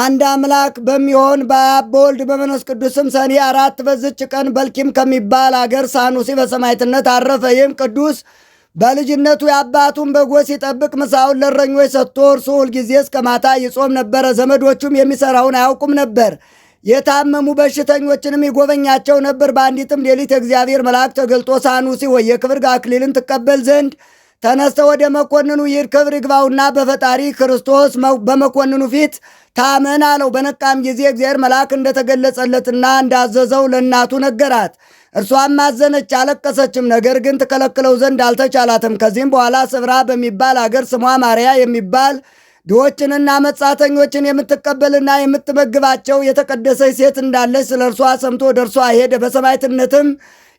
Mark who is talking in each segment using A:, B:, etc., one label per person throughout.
A: አንድ አምላክ በሚሆን በአብ በወልድ በመንፈስ ቅዱስም ሰኔ አራት በዝች ቀን በልኪም ከሚባል አገር ሳኑሲ በሰማዕትነት አረፈ። ይህም ቅዱስ በልጅነቱ የአባቱን በጎ ሲጠብቅ ምሳውን ለረኞች ሰጥቶ እርሱ ሁልጊዜ እስከ ማታ ይጾም ነበረ። ዘመዶቹም የሚሰራውን አያውቁም ነበር። የታመሙ በሽተኞችንም ይጎበኛቸው ነበር። በአንዲትም ሌሊት የእግዚአብሔር መልአክ ተገልጦ ሳኑሲ ወይ የክብር አክሊልን ትቀበል ዘንድ ተነስተ ወደ መኮንኑ ይድ ክብር ይግባውና በፈጣሪ ክርስቶስ በመኮንኑ ፊት ታመን አለው። በነቃም ጊዜ እግዚአብሔር መልአክ እንደተገለጸለትና እንዳዘዘው ለእናቱ ነገራት። እርሷም አዘነች፣ አለቀሰችም። ነገር ግን ትከለክለው ዘንድ አልተቻላትም። ከዚህም በኋላ ስብራ በሚባል አገር ስሟ ማርያ የሚባል ድሆችንና መጻተኞችን የምትቀበልና የምትመግባቸው የተቀደሰች ሴት እንዳለች ስለ እርሷ ሰምቶ ወደ እርሷ ሄደ። በሰማዕትነትም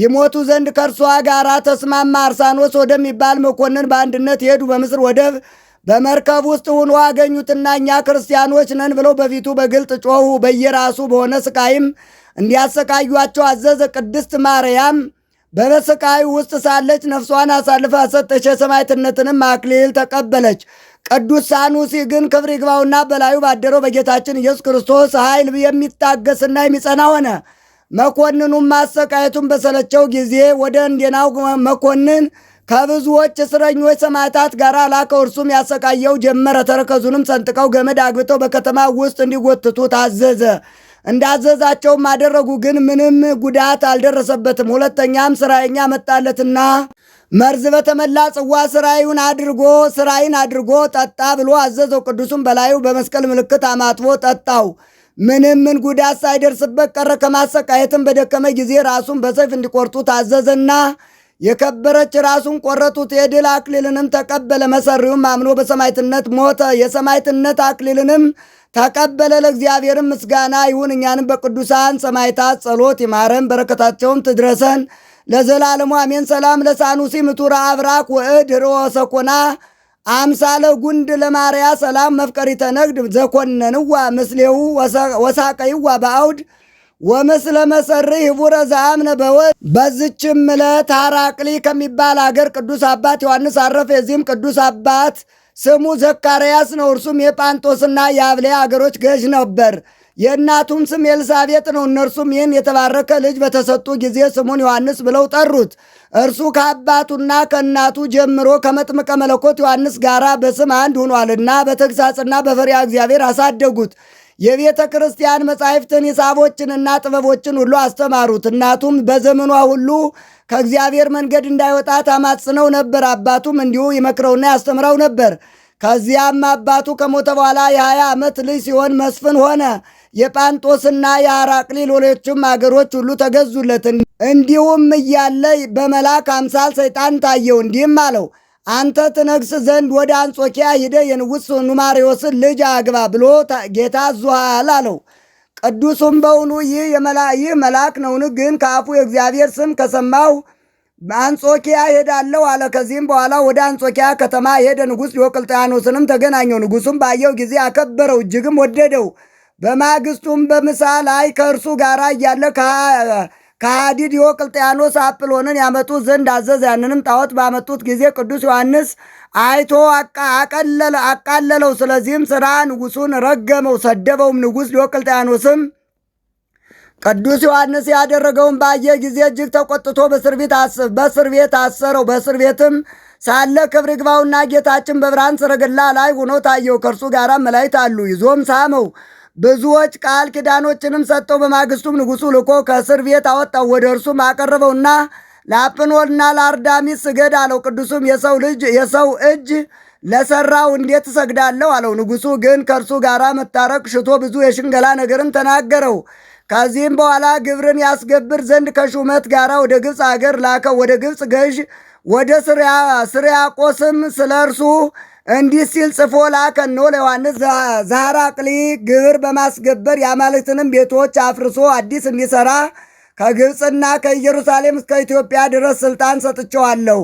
A: ይሞቱ ዘንድ ከእርሷ ጋር ተስማማ። አርሳኖስ ወደሚባል መኮንን በአንድነት የሄዱ በምስር ወደብ በመርከብ ውስጥ ሆኖ አገኙትና እኛ ክርስቲያኖች ነን ብለው በፊቱ በግልጥ ጮኹ። በየራሱ በሆነ ስቃይም እንዲያሰቃዩቸው አዘዘ። ቅድስት ማርያም በበስቃዩ ውስጥ ሳለች ነፍሷን አሳልፋ ሰጠች። የሰማዕትነትንም አክሊል ተቀበለች። ቅዱስ ሳኑሲ ግን ክብር ይግባውና በላዩ ባደረው በጌታችን ኢየሱስ ክርስቶስ ኃይል የሚታገስና የሚጸና ሆነ። መኮንኑም ማሰቃየቱን በሰለቸው ጊዜ ወደ እንዴናው መኮንን ከብዙዎች እስረኞች ሰማዕታት ጋር ላከው። እርሱም ያሰቃየው ጀመረ። ተረከዙንም ሰንጥቀው ገመድ አግብተው በከተማ ውስጥ እንዲጎትቱ ታዘዘ። እንዳዘዛቸውም አደረጉ። ግን ምንም ጉዳት አልደረሰበትም። ሁለተኛም ስራየኛ መጣለትና መርዝ በተመላ ጽዋ ስራዩን አድርጎ ስራይን አድርጎ ጠጣ ብሎ አዘዘው። ቅዱሱም በላዩ በመስቀል ምልክት አማትቦ ጠጣው። ምንም ምን ጉዳት ሳይደርስበት ቀረ። ከማሰቃየትም በደከመ ጊዜ ራሱን በሰይፍ እንዲቆርጡ ታዘዘና የከበረች ራሱን ቆረጡት። የድል አክሊልንም ተቀበለ። መሰሪውም አምኖ በሰማይትነት ሞተ። የሰማይትነት አክሊልንም ተቀበለ። ለእግዚአብሔርም ምስጋና ይሁን። እኛንም በቅዱሳን ሰማይታት ጸሎት ይማረን፣ በረከታቸውም ትድረሰን ለዘላለሙ አሜን። ሰላም ለሳኑሲ ምቱራ አብራክ ወእድ ሰኮና አምሳለ ጉንድ ለማርያ ሰላም መፍቀሪተ ነግድ ዘኮነንዋ ምስሌው ወሳቀይዋ በአውድ ወምስለ መሰሪ ህቡረ ዘአምነ በወ በዝችም ዕለት አራቅሊ ከሚባል አገር ቅዱስ አባት ዮሐንስ አረፈ። የዚህም ቅዱስ አባት ስሙ ዘካርያስ ነው። እርሱም የጳንጦስና የአብሌ አገሮች ገዥ ነበር። የእናቱም ስም ኤልሳቤጥ ነው። እነርሱም ይህን የተባረከ ልጅ በተሰጡ ጊዜ ስሙን ዮሐንስ ብለው ጠሩት። እርሱ ከአባቱና ከእናቱ ጀምሮ ከመጥምቀ መለኮት ዮሐንስ ጋር በስም አንድ ሆኗልና በተግሳጽና በፈሪያ እግዚአብሔር አሳደጉት። የቤተ ክርስቲያን መጻሕፍትን ሂሳቦችንና ጥበቦችን ሁሉ አስተማሩት። እናቱም በዘመኗ ሁሉ ከእግዚአብሔር መንገድ እንዳይወጣ ታማጽነው ነበር። አባቱም እንዲሁ ይመክረውና ያስተምረው ነበር። ከዚያም አባቱ ከሞተ በኋላ የሀያ ዓመት ልጅ ሲሆን መስፍን ሆነ። የጳንጦስና የአራቅሊል ሌሎችም አገሮች ሁሉ ተገዙለት። እንዲሁም እያለ በመልአክ አምሳል ሰይጣን ታየው፣ እንዲህም አለው አንተ ትነግስ ዘንድ ወደ አንጾኪያ ሂደ የንጉሥ ኑማሪዎስን ልጅ አግባ ብሎ ጌታ አዞሃል አለው። ቅዱሱም በውኑ ይህ መልአክ ነውን? ግን ከአፉ የእግዚአብሔር ስም ከሰማሁ አንጾኪያ ሄዳለሁ አለ። ከዚህም በኋላ ወደ አንጾኪያ ከተማ ሄደ። ንጉሥ ዲዮቅልጥያኖስንም ተገናኘው። ንጉሱም ባየው ጊዜ አከበረው፣ እጅግም ወደደው። በማግስቱም በምሳ ላይ ከእርሱ ጋር እያለ ከሃዲድ ዲዮቅልጥያኖስ አጵሎንን ያመጡ ዘንድ አዘዝ። ያንንም ጣዖት ባመጡት ጊዜ ቅዱስ ዮሐንስ አይቶ አቃለለው። ስለዚህም ስራ ንጉሱን ረገመው፣ ሰደበውም። ንጉሥ ዲዮቅልጥያኖስም ቅዱስ ዮሐንስ ያደረገውን ባየ ጊዜ እጅግ ተቆጥቶ በእስር ቤት አሰረው። በእስር ቤትም ሳለ ክብር ይግባውና ጌታችን በብርሃን ሰረገላ ላይ ሆኖ ታየው። ከእርሱ ጋር መላእክት አሉ። ይዞም ሳመው። ብዙዎች ቃል ኪዳኖችንም ሰጠው። በማግስቱም ንጉሱ ልኮ ከእስር ቤት አወጣው፣ ወደ እርሱም አቀረበውና ለአጵኖልና ለአርዳሚስ ስገድ አለው። ቅዱሱም የሰው ልጅ የሰው እጅ ለሰራው እንዴት እሰግዳለሁ አለው። ንጉሱ ግን ከእርሱ ጋር መታረቅ ሽቶ ብዙ የሽንገላ ነገርን ተናገረው። ከዚህም በኋላ ግብርን ያስገብር ዘንድ ከሹመት ጋር ወደ ግብፅ አገር ላከው። ወደ ግብፅ ገዥ ወደ ስርያቆስም ስለ እርሱ እንዲህ ሲል ጽፎ ኖ ለዮሐንስ ዘሐራቅሊ ግብር በማስገበር የአማልክትንም ቤቶች አፍርሶ አዲስ እንዲሠራ ከግብፅና ከኢየሩሳሌም እስከ ኢትዮጵያ ድረስ ሥልጣን ሰጥቼዋለሁ።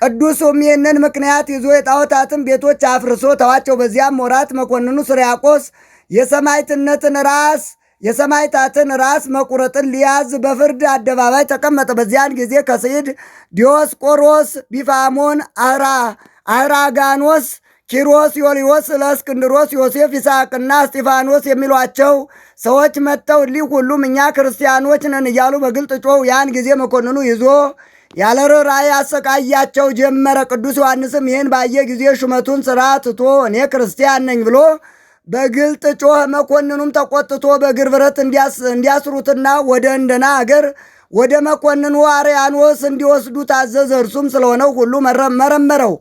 A: ቅዱሱም ይህንን ምክንያት ይዞ የጣዖታትን ቤቶች አፍርሶ ተዋቸው። በዚያም ወራት መኮንኑ ስርያቆስ የሰማዕትነትን ራስ የሰማይታትን ራስ መቁረጥን ሊያዝ በፍርድ አደባባይ ተቀመጠ። በዚያን ጊዜ ከሰይድ ዲዮስቆሮስ፣ ቢፋሞን፣ አራጋኖስ፣ ኪሮስ፣ ዮልዮስ፣ ለእስክንድሮስ፣ ዮሴፍ፣ ይስሐቅና እስጢፋኖስ የሚሏቸው ሰዎች መጥተው ሊህ ሁሉም እኛ ክርስቲያኖች ነን እያሉ በግልጥ ጮው። ያን ጊዜ መኮንኑ ይዞ ያለ ርኅራኄ አሰቃያቸው ጀመረ። ቅዱስ ዮሐንስም ይህን ባየ ጊዜ ሹመቱን ስራ ትቶ እኔ ክርስቲያን ነኝ ብሎ በግልጥ ጮኸ። መኮንኑም ተቆጥቶ በእግር ብረት እንዲያስሩትና ወደ እንደና አገር ወደ መኮንኑ አርያኖስ እንዲወስዱ ታዘዘ። እርሱም ስለሆነው ሁሉ መረመረው።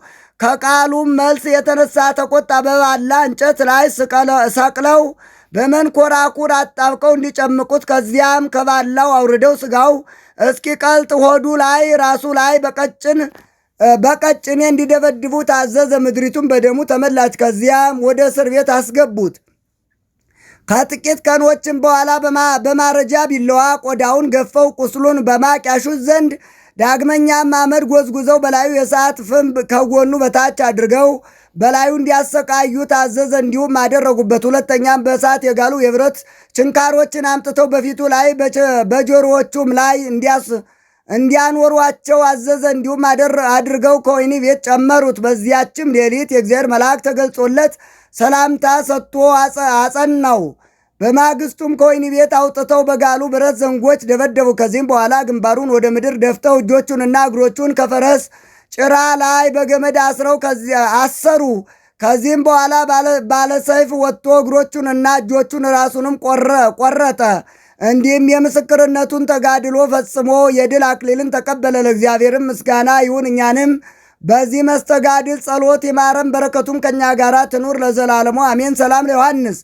A: ከቃሉም መልስ የተነሳ ተቆጣ። በባላ እንጨት ላይ ሰቅለው በመንኮራኩር አጣብቀው እንዲጨምቁት ከዚያም ከባላው አውርደው ስጋው እስኪቀልጥ ሆዱ ላይ ራሱ ላይ በቀጭን በቀጭኔ እንዲደበድቡ አዘዘ። ምድሪቱን በደሙ ተመላች። ከዚያም ወደ እስር ቤት አስገቡት። ከጥቂት ቀኖችም በኋላ በማረጃ ቢለዋ ቆዳውን ገፈው ቁስሉን በማቅ ያሹት ዘንድ ዳግመኛም አመድ ጎዝጉዘው በላዩ የሰዓት ፍንብ ከጎኑ በታች አድርገው በላዩ እንዲያሰቃዩት አዘዘ። እንዲሁም አደረጉበት። ሁለተኛም በእሳት የጋሉ የብረት ችንካሮችን አምጥተው በፊቱ ላይ በጆሮዎቹም ላይ እንዲያስ እንዲያኖሯቸው አዘዘ። እንዲሁም አድርገው ከወይኒ ቤት ጨመሩት። በዚያችም ሌሊት የእግዚአብሔር መልአክ ተገልጾለት ሰላምታ ሰጥቶ አጸናው። በማግስቱም ከወይኒ ቤት አውጥተው በጋሉ ብረት ዘንጎች ደበደቡ። ከዚህም በኋላ ግንባሩን ወደ ምድር ደፍተው እጆቹንና እግሮቹን ከፈረስ ጭራ ላይ በገመድ አስረው አሰሩ። ከዚህም በኋላ ባለሰይፍ ወጥቶ እግሮቹንና እጆቹን ራሱንም ቆረጠ። እንዲህም የምስክርነቱን ተጋድሎ ፈጽሞ የድል አክሊልን ተቀበለ። ለእግዚአብሔርም ምስጋና ይሁን እኛንም በዚህ መስተጋድል ጸሎት ይማረን፣ በረከቱም ከእኛ ጋር ትኑር ለዘላለሙ አሜን። ሰላም ለዮሐንስ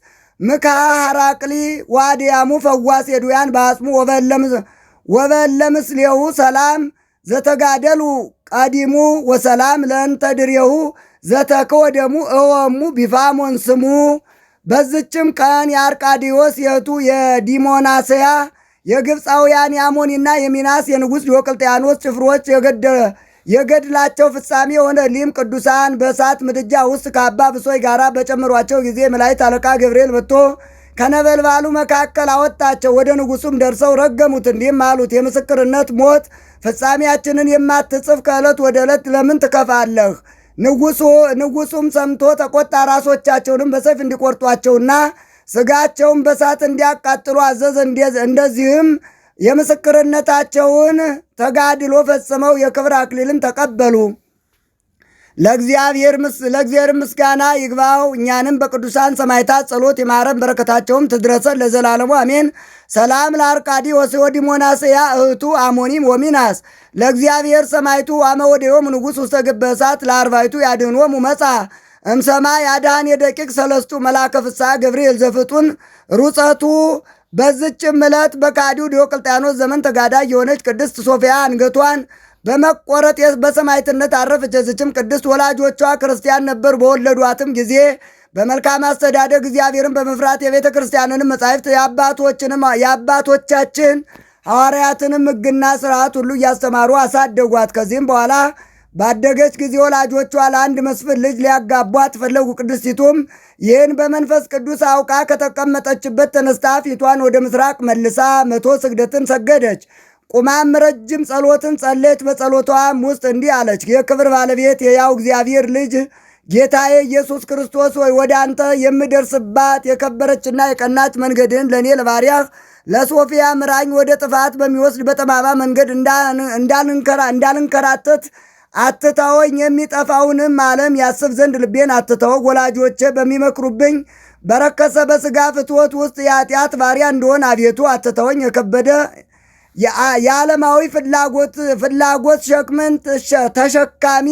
A: ምካ ሐራቅሊ ዋዲያሙ ፈዋስ የዱያን በአጽሙ ወበለምስሌሁ ሰላም ዘተጋደሉ ቀዲሙ ወሰላም ለእንተድሬሁ ዘተከወደሙ እወሙ ቢፋሞን ስሙ በዝችም ቀን የአርቃዲዎስ የቱ የዲሞናስያ የግብፃውያን የአሞኒና የሚናስ የንጉሥ ዲዮቅልጥያኖስ ጭፍሮች የገድላቸው ፍጻሜ የሆነ ሊም ቅዱሳን በእሳት ምድጃ ውስጥ ከአባ ብሶይ ጋር በጨምሯቸው ጊዜ መላእክት አለቃ ገብርኤል መጥቶ ከነበልባሉ መካከል አወጣቸው። ወደ ንጉሱም ደርሰው ረገሙት፣ እንዲህም አሉት፦ የምስክርነት ሞት ፍጻሜያችንን የማትጽፍ ከዕለት ወደ ዕለት ለምን ትከፋለህ? ንጉሱም ሰምቶ ተቆጣ። ራሶቻቸውንም በሰይፍ እንዲቆርጧቸውና ስጋቸውን በሳት እንዲያቃጥሉ አዘዘ። እንደዚህም የምስክርነታቸውን ተጋድሎ ፈጽመው የክብር አክሊልን ተቀበሉ። ለእግዚአብሔር ምስጋና ይግባው። እኛንም በቅዱሳን ሰማይታት ጸሎት ይማረን፣ በረከታቸውም ትድረሰን ለዘላለሙ አሜን። ሰላም ለአርቃዲ ወሲወዲሞናስያ እህቱ አሞኒም ወሚናስ ለእግዚአብሔር ሰማይቱ አመወዴዮም ንጉሥ ውስተ ግበሳት ለአርባይቱ ያድኅኖሙ መጻ እምሰማ ያዳን የደቂቅ ሰለስቱ መላከፍሳ ገብርኤል ዘፍጡን ሩጸቱ በዝጭም ዕለት በካዲው ዲዮቅልጥያኖስ ዘመን ተጋዳይ የሆነች ቅድስት ሶፊያ አንገቷን በመቆረጥ በሰማዕትነት አረፈች። እዚችም ቅድስት ወላጆቿ ክርስቲያን ነበር በወለዷትም ጊዜ በመልካም አስተዳደግ እግዚአብሔርን በመፍራት የቤተ ክርስቲያንንም መጻሕፍት የአባቶችንም የአባቶቻችን ሐዋርያትንም ሕግና ስርዓት ሁሉ እያስተማሩ አሳደጓት። ከዚህም በኋላ ባደገች ጊዜ ወላጆቿ ለአንድ መስፍን ልጅ ሊያጋቧት ፈለጉ። ቅድስቲቱም ይህን በመንፈስ ቅዱስ አውቃ ከተቀመጠችበት ተነስታ ፊቷን ወደ ምስራቅ መልሳ መቶ ስግደትን ሰገደች። ቁማም ረጅም ጸሎትን ጸለች። በጸሎቷም ውስጥ እንዲህ አለች። የክብር ባለቤት የያው እግዚአብሔር ልጅ ጌታዬ ኢየሱስ ክርስቶስ ሆይ ወደ አንተ የምደርስባት የከበረችና የቀናች መንገድን ለእኔ ለባሪያህ ለሶፊያ ምራኝ። ወደ ጥፋት በሚወስድ በጠማማ መንገድ እንዳልንከራተት አትተወኝ። የሚጠፋውንም ዓለም ያስብ ዘንድ ልቤን አትተው። ወላጆቼ በሚመክሩብኝ በረከሰ በስጋ ፍትወት ውስጥ የኃጢአት ባሪያ እንደሆን አቤቱ አትተወኝ። የከበደ የዓለማዊ ፍላጎት ፍላጎት ሸክምን ተሸካሚ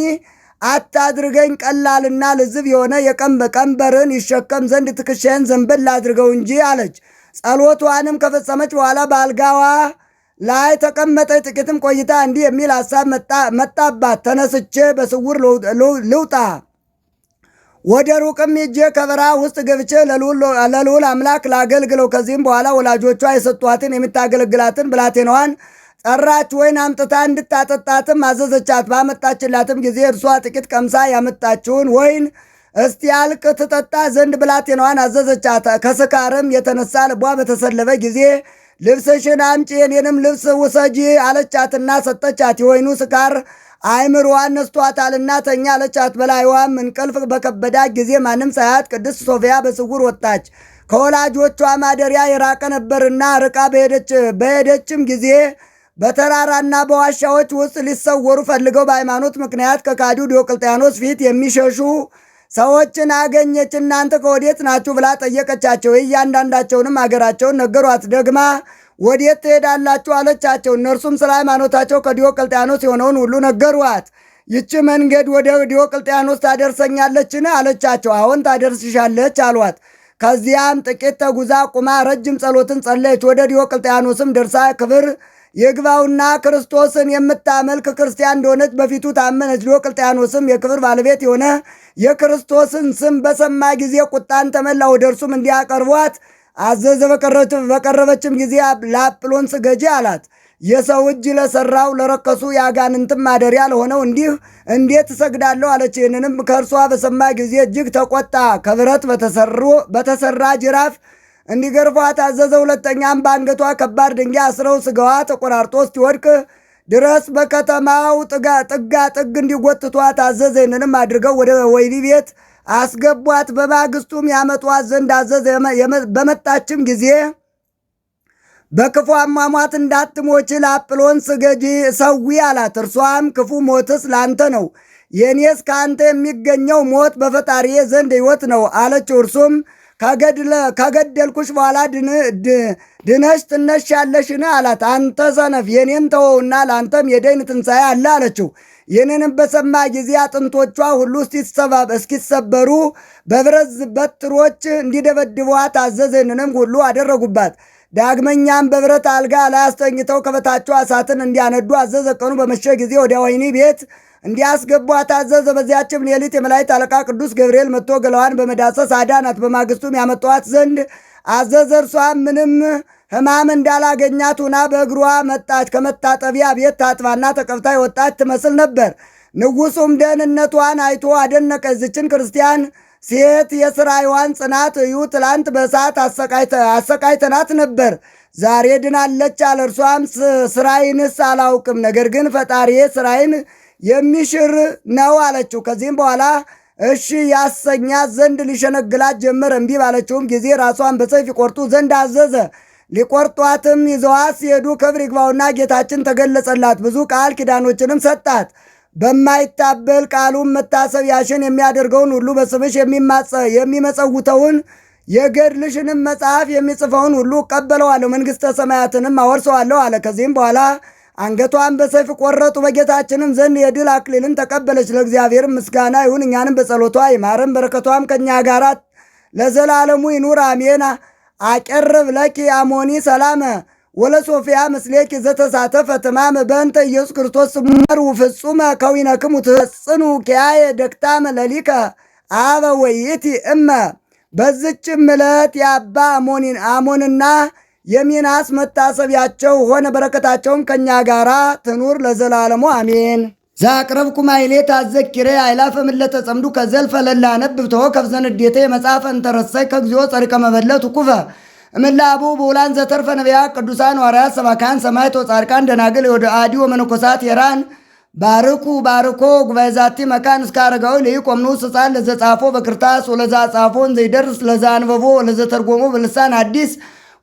A: አታድርገኝ። ቀላልና ልዝብ የሆነ የቀን ቀንበርን ይሸከም ዘንድ ትከሻዬን ዘንበል አድርገው እንጂ አለች። ጸሎቷንም ከፈጸመች በኋላ በአልጋዋ ላይ ተቀመጠች። ጥቂትም ቆይታ እንዲህ የሚል ሐሳብ መጣባት፣ ተነስቼ በስውር ልውጣ ወደ ሩቅም ሄጄ ከበረሃ ውስጥ ገብቼ ለልዑል አምላክ ላገልግለው። ከዚህም በኋላ ወላጆቿ የሰጧትን የምታገለግላትን ብላቴናዋን ጠራች፣ ወይን አምጥታ እንድታጠጣትም አዘዘቻት። ባመጣችላትም ጊዜ እርሷ ጥቂት ቀምሳ ያመጣችውን ወይን አልቅ ትጠጣ ዘንድ ብላቴናዋን አዘዘቻት። ከስካርም የተነሳ ልቧ በተሰለበ ጊዜ ልብስሽን አምጪ፣ የኔንም ልብስ ውሰጂ አለቻትና ሰጠቻት። የወይኑ ስካር አእምሮዋን ነስቷታልና ተኛ አለቻት። በላይዋም እንቅልፍ በከበዳት ጊዜ ማንም ሳያት ቅድስት ሶፊያ በስውር ወጣች። ከወላጆቿ ማደሪያ የራቀ ነበርና ርቃ በሄደች በሄደችም ጊዜ በተራራና በዋሻዎች ውስጥ ሊሰወሩ ፈልገው በሃይማኖት ምክንያት ከካዱ ዲዮቅልጥያኖስ ፊት የሚሸሹ ሰዎችን አገኘች። እናንተ ከወዴት ናችሁ ብላ ጠየቀቻቸው። እያንዳንዳቸውንም አገራቸውን ነገሯት። ደግማ ወዴት ትሄዳላችሁ አለቻቸው። እነርሱም ስለ ሃይማኖታቸው ከዲዮቅልጥያኖስ የሆነውን ሁሉ ነገሯት። ይቺ መንገድ ወደ ዲዮቅልጥያኖስ ታደርሰኛለችን አለቻቸው። አሁን ታደርስሻለች አሏት። ከዚያም ጥቂት ተጉዛ ቁማ ረጅም ጸሎትን ጸለየች። ወደ ዲዮቅልጥያኖስም ደርሳ ክብር ይግባውና ክርስቶስን የምታመልክ ክርስቲያን እንደሆነች በፊቱ ታመነች። ዲዮቅልጥያኖስም የክብር ባለቤት የሆነ የክርስቶስን ስም በሰማ ጊዜ ቁጣን ተመላ። ወደ እርሱም እንዲያቀርቧት አዘዘ። በቀረበችም ጊዜ ለአጵሎን ስገጂ አላት። የሰው እጅ ለሰራው ለረከሱ የአጋንንትም ማደሪያ ለሆነው እንዲህ እንዴት እሰግዳለሁ አለች። ይህንንም ከእርሷ በሰማ ጊዜ እጅግ ተቆጣ። ከብረት በተሰራ ጅራፍ እንዲገርፏት አዘዘ። ሁለተኛም በአንገቷ ከባድ ድንጋይ አስረው ስጋዋ ተቆራርጦ እስኪወድቅ ድረስ በከተማው ጥጋ ጥግ እንዲጎትቷት አዘዘ። ይህንንም አድርገው ወደ ወይኒ ቤት አስገቧት። በማግስቱም ያመጧት ዘንድ አዘዘ። በመጣችም ጊዜ በክፉ አሟሟት እንዳትሞች ለአጵሎን ስገጂ ሰዊ አላት። እርሷም ክፉ ሞትስ ላንተ ነው፣ የእኔስ ከአንተ የሚገኘው ሞት በፈጣሪዬ ዘንድ ሕይወት ነው አለችው። እርሱም ከገደልኩሽ በኋላ ድነሽ ትነሽ ያለሽን አላት። አንተ ሰነፍ የእኔን ተወውና ለአንተም የደይን ትንሣኤ አለ አለችው። ይህንንም በሰማ ጊዜ አጥንቶቿ ሁሉ እስኪሰበሩ በብረት በትሮች እንዲደበድቧት አዘዘ። ይህንንም ሁሉ አደረጉባት። ዳግመኛም በብረት አልጋ ላይ አስተኝተው ከበታቸው እሳትን እንዲያነዱ አዘዘ። ቀኑ በመሸ ጊዜ ወደ ወይኒ ቤት እንዲያስገቡ አታዘዘ። በዚያችም ሌሊት የመላእክት አለቃ ቅዱስ ገብርኤል መጥቶ ገላዋን በመዳሰስ አዳናት። በማግስቱም ያመጧት ዘንድ አዘዘ። እርሷ ምንም ሕማም እንዳላገኛት ሁና በእግሯ መጣች። ከመታጠቢያ ቤት ታጥባና ተቀብታ የወጣች ትመስል ነበር። ንጉሱም ደህንነቷን አይቶ አደነቀ። ዝችን ክርስቲያን ሴት የስራይዋን ጽናት እዩ፣ ትላንት በእሳት አሰቃይተናት ነበር፣ ዛሬ ድናለች አለ። እርሷም ስራይንስ አላውቅም፣ ነገር ግን ፈጣሪ ስራይን የሚሽር ነው አለችው። ከዚህም በኋላ እሺ ያሰኛት ዘንድ ሊሸነግላት ጀመረ እምቢ ባለችውም ጊዜ ራሷን በሰይፍ ይቆርጡ ዘንድ አዘዘ። ሊቆርጧትም ይዘዋ ሲሄዱ ክብር ይግባውና ጌታችን ተገለጸላት። ብዙ ቃል ኪዳኖችንም ሰጣት። በማይታበል ቃሉም መታሰቢያሽን የሚያደርገውን ሁሉ በስምሽ የሚመጸውተውን የገድልሽንም መጽሐፍ የሚጽፈውን ሁሉ እቀበለዋለሁ፣ መንግሥተ ሰማያትንም አወርሰዋለሁ አለ። ከዚህም በኋላ አንገቷን በሰይፍ ቆረጡ። በጌታችንም ዘንድ የድል አክሊልን ተቀበለች። ለእግዚአብሔር ምስጋና ይሁን፣ እኛንም በጸሎቷ ይማረን፣ በረከቷም ከእኛ ጋር ለዘላለሙ ይኑር አሜን። አቀርብ ለኪ አሞኒ ሰላመ ወለ ሶፊያ ምስሌኪ ዘተሳተፈ ትማም በእንተ ኢየሱስ ክርስቶስ ስሙር ውፍጹመ ከዊነክሙ ትፈጽኑ ኪያየ ደክታመ ለሊከ አበ ወይእቲ እመ በዝችም ዕለት የአባ አሞንና የሚናስ መታሰቢያቸው ሆነ በረከታቸውም ከእኛ ጋራ ትኑር ለዘላለሙ አሜን። ዛቅረብኩ ማይሌት ታዘኪሬ አይላፈ ምለተ ጸምዱ ከዘልፈ ለላ ነብብ ተወ ከብዘን ዴተ የመጽሐፈ እንተረሰይ ከግዚኦ ጸሪቀ መበለት ኩፈ እምላቡ ብውላን ዘተርፈ ነቢያ ቅዱሳን ዋርያት ሰባካን ሰማይቶ ጻድቃን ደናግል ወደ አዲ ወመነኮሳት የራን ባርኩ ባርኮ ጉባኤ ዛቲ መካን እስከ አረጋዊ ቆምኑ ስጻን ለዘጻፎ በክርታስ ወለዛ ጻፎን ዘይደርስ ለዛ አንበቦ ለዘተርጎሞ በልሳን አዲስ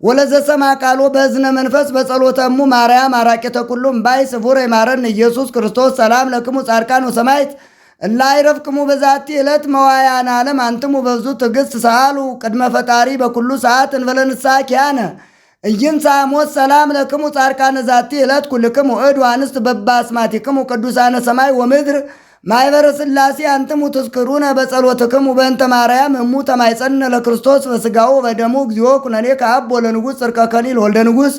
A: ወለዘሰማ ቃሎ በእዝነ መንፈስ በጸሎተሙ ማርያም አራቂተ ኩሉም ባይ ስፉር የማረን ኢየሱስ ክርስቶስ ሰላም ለክሙ ጻድቃን ሰማይት ላይ ረፍቅሙ በዛቲ ዕለት መዋያን ዓለም አንትሙ በዙ ትግስት ሰአሉ ቅድመ ፈጣሪ በኩሉ ሰዓት እንበለንሳ ኪያነ እይንሳ ሞት ሰላም ለክሙ ጻድቃነ ዛቲ ዕለት ኩልክሙ እድ ዋንስት ክሙ ቅዱሳነ ሰማይ ወምድር ማይበረ ስላሴ አንትሙ ትዝክሩነ በጸሎትክሙ በእንተ ማርያም እሙ ተማይጸነ ለክርስቶስ በስጋው በደሙ እግዚኦ ኩነኔ ከአብ ወለንጉሥ ጽርቀ ከሊል ወልደ ንጉሥ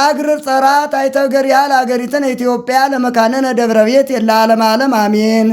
A: አግር ጸራት ታይተገር ያህል አገሪትን ኢትዮጵያ ለመካነነ ደብረ ቤት የለ ዓለም ዓለም አሜን።